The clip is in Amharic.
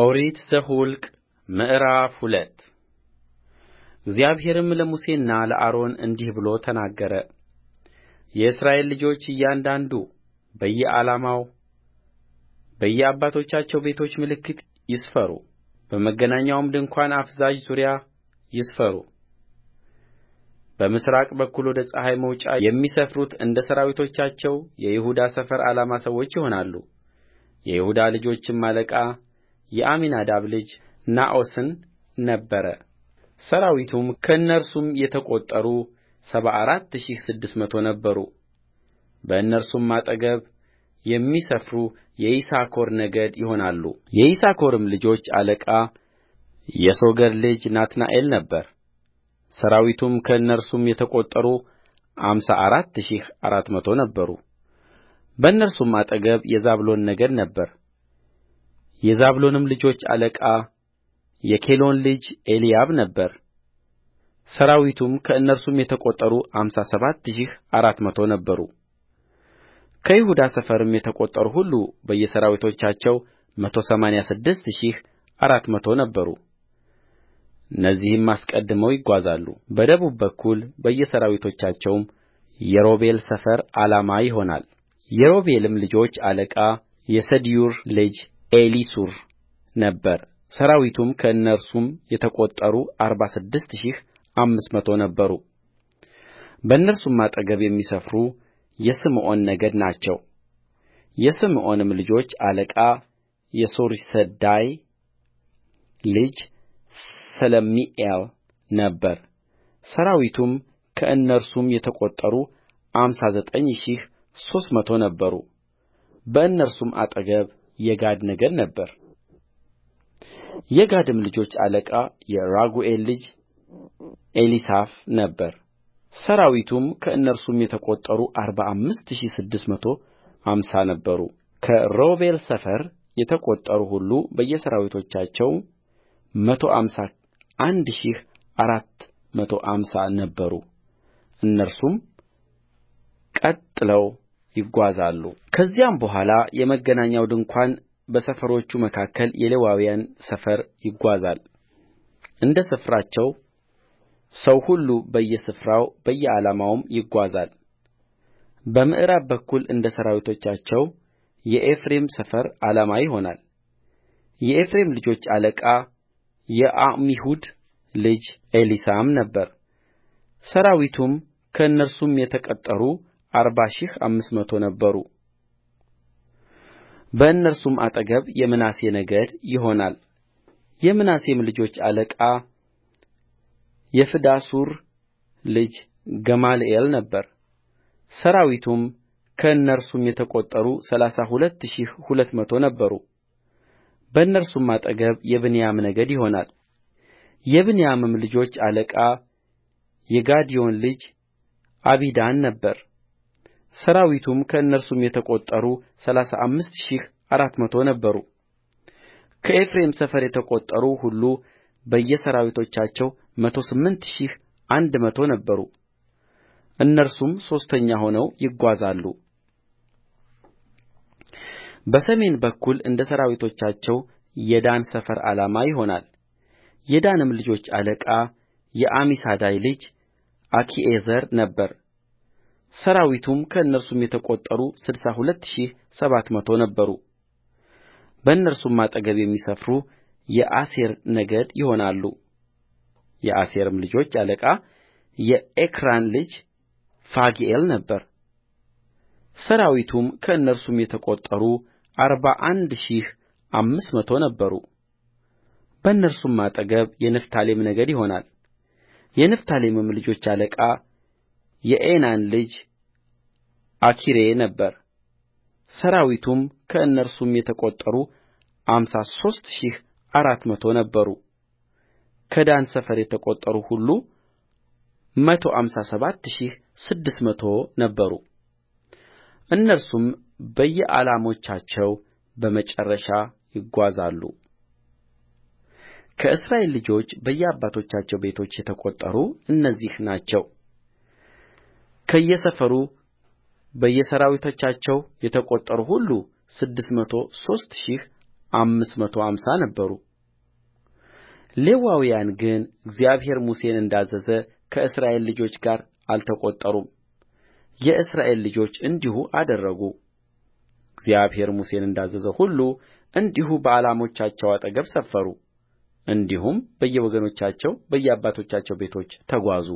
ኦሪት ዘኍልቍ ምዕራፍ ሁለት እግዚአብሔርም ለሙሴና ለአሮን እንዲህ ብሎ ተናገረ የእስራኤል ልጆች እያንዳንዱ በየዓላማው በየአባቶቻቸው ቤቶች ምልክት ይስፈሩ በመገናኛውም ድንኳን አፍዛዥ ዙሪያ ይስፈሩ በምሥራቅ በኩል ወደ ፀሐይ መውጫ የሚሰፍሩት እንደ ሠራዊቶቻቸው የይሁዳ ሰፈር ዓላማ ሰዎች ይሆናሉ የይሁዳ ልጆችም አለቃ የአሚናዳብ ልጅ ነአሶን ነበረሠራዊቱም ከእነርሱም የተቈጠሩ ሰባ አራት ሺህ ስድስት መቶ ነበሩበእነርሱም አጠገብ የሚሰፍሩ የይሳኮር ነገድ ይሆናሉ የይሳኮርም ልጆች አለቃ የሶገር ልጅ ናትናኤል ነበረሠራዊቱም ከእነርሱም የተቈጠሩ አምሳ አራት ሺህ አራት መቶ ነበሩበእነርሱም አጠገብ የዛብሎን ነገድ ነበረ የዛብሎንም ልጆች አለቃ የኬሎን ልጅ ኤልያብ ነበር። ሰራዊቱም ከእነርሱም የተቈጠሩ አምሳ ሰባት ሺህ አራት መቶ ነበሩ። ከይሁዳ ሰፈርም የተቈጠሩ ሁሉ በየሠራዊቶቻቸው መቶ ሰማንያ ስድስት ሺህ አራት መቶ ነበሩ። እነዚህም አስቀድመው ይጓዛሉ። በደቡብ በኩል በየሠራዊቶቻቸውም የሮቤል ሰፈር ዓላማ ይሆናል። የሮቤልም ልጆች አለቃ የሰዲዮር ልጅ ኤሊሱር ነበረሠራዊቱም ከእነርሱም የተቈጠሩ አርባ ስድስት ሺህ አምስት መቶ ነበሩበእነርሱም አጠገብ የሚሰፍሩ የስምዖን ነገድ ናቸው የስምዖንም ልጆች አለቃ የሱሪሰዳይ ልጅ ሰለሚኤል ነበረሠራዊቱም ከእነርሱም የተቈጠሩ አምሳ ዘጠኝ ሺህ ሦስት መቶ ነበሩ በእነርሱም አጠገብ የጋድ ነገድ የጋድም ልጆች አለቃ የራጉኤል ልጅ ኤሊሳፍ ነበረሠራዊቱም ከእነርሱም የተቈጠሩ አርባ አምስት ሺህ ስድስት መቶ አምሳ ነበሩከሮቤል ሰፈር የተቈጠሩ ሁሉ በየሠራዊቶቻቸው መቶ አምሳ አንድ ሺህ አራት መቶ አምሳ ነበሩ እነርሱም ቀጥለው ይጓዛሉከዚያም በኋላ የመገናኛው ድንኳን በሰፈሮቹ መካከል የሌዋውያን ሰፈር ይጓዛል እንደ ስፍራቸው ሰው ሁሉ በየስፍራው በየዓላማውም በምዕራብ በኩል እንደ ሠራዊቶቻቸው የኤፍሬም ሰፈር ዓላማ ይሆናል የኤፍሬም ልጆች አለቃ የዓሚሁድ ልጅ ኤሊሳማ ነበር። ሠራዊቱም ከእነርሱም የተቈጠሩ አርባ ሺህ አምስት መቶ ነበሩበእነርሱም አጠገብ የምናሴ ነገድ ይሆናል የምናሴም ልጆች አለቃ የፍዳሱር ልጅ ገማልኤል ነበር። ሰራዊቱም ከእነርሱም የተቈጠሩ ሠላሳ ሁለት ሺህ ሁለት መቶ ነበሩ በእነርሱም አጠገብ የብንያም ነገድ ይሆናል የብንያምም ልጆች አለቃ የጋዲዮን ልጅ አቢዳን ነበረ ሠራዊቱም ከእነርሱም የተቈጠሩ ሠላሳ አምስት ሺህ አራት መቶ ነበሩከኤፍሬም ሰፈር የተቈጠሩ ሁሉ በየሠራዊቶቻቸው መቶ ስምንት ሺህ አንድ መቶ ነበሩ እነርሱም ሦስተኛ ሆነው ይጓዛሉ በሰሜን በኩል እንደ ሠራዊቶቻቸው የዳን ሰፈር ዓላማ ይሆናል የዳንም ልጆች አለቃ የአሚሳዳይ ልጅ አኪዔዘር ነበረ ሠራዊቱም ከእነርሱም የተቈጠሩ ስድሳ ሁለት ሺህ ሰባት መቶ ነበሩበእነርሱም አጠገብ የሚሰፍሩ የአሴር ነገድ ይሆናሉ የአሴርም ልጆች አለቃ የኤክራን ልጅ ፋግኤል ነበረ። ሠራዊቱም ከእነርሱም የተቈጠሩ አርባ አንድ ሺህ አምስት መቶ ነበሩበእነርሱም አጠገብ የንፍታሌም ነገድ ይሆናል የንፍታሌምም ልጆች አለቃ የዔናን ልጅ አኪሬ ነበረ ሠራዊቱም ከእነርሱም የተቈጠሩ አምሳ ሦስት ሺህ አራት መቶ ነበሩከዳን ሰፈር የተቈጠሩ ሁሉ መቶ አምሳ ሰባት ሺህ ስድስት መቶ ነበሩ እነርሱም በየዓላሞቻቸው በመጨረሻ ይጓዛሉ ከእስራኤል ልጆች በየአባቶቻቸው ቤቶች የተቈጠሩ እነዚህ ናቸው ከየሰፈሩ በየሠራዊቶቻቸው የተቈጠሩ ሁሉ ስድስት መቶ ሦስት ሺህ አምስት መቶ አምሳ ነበሩ።ሌዋውያን ግን እግዚአብሔር ሙሴን እንዳዘዘ ከእስራኤል ልጆች ጋር አልተቈጠሩም የእስራኤል ልጆች እንዲሁ አደረጉ እግዚአብሔር ሙሴን እንዳዘዘ ሁሉ እንዲሁ በዓላሞቻቸው አጠገብ ሰፈሩ እንዲሁም በየወገኖቻቸው በየአባቶቻቸው ቤቶች ተጓዙ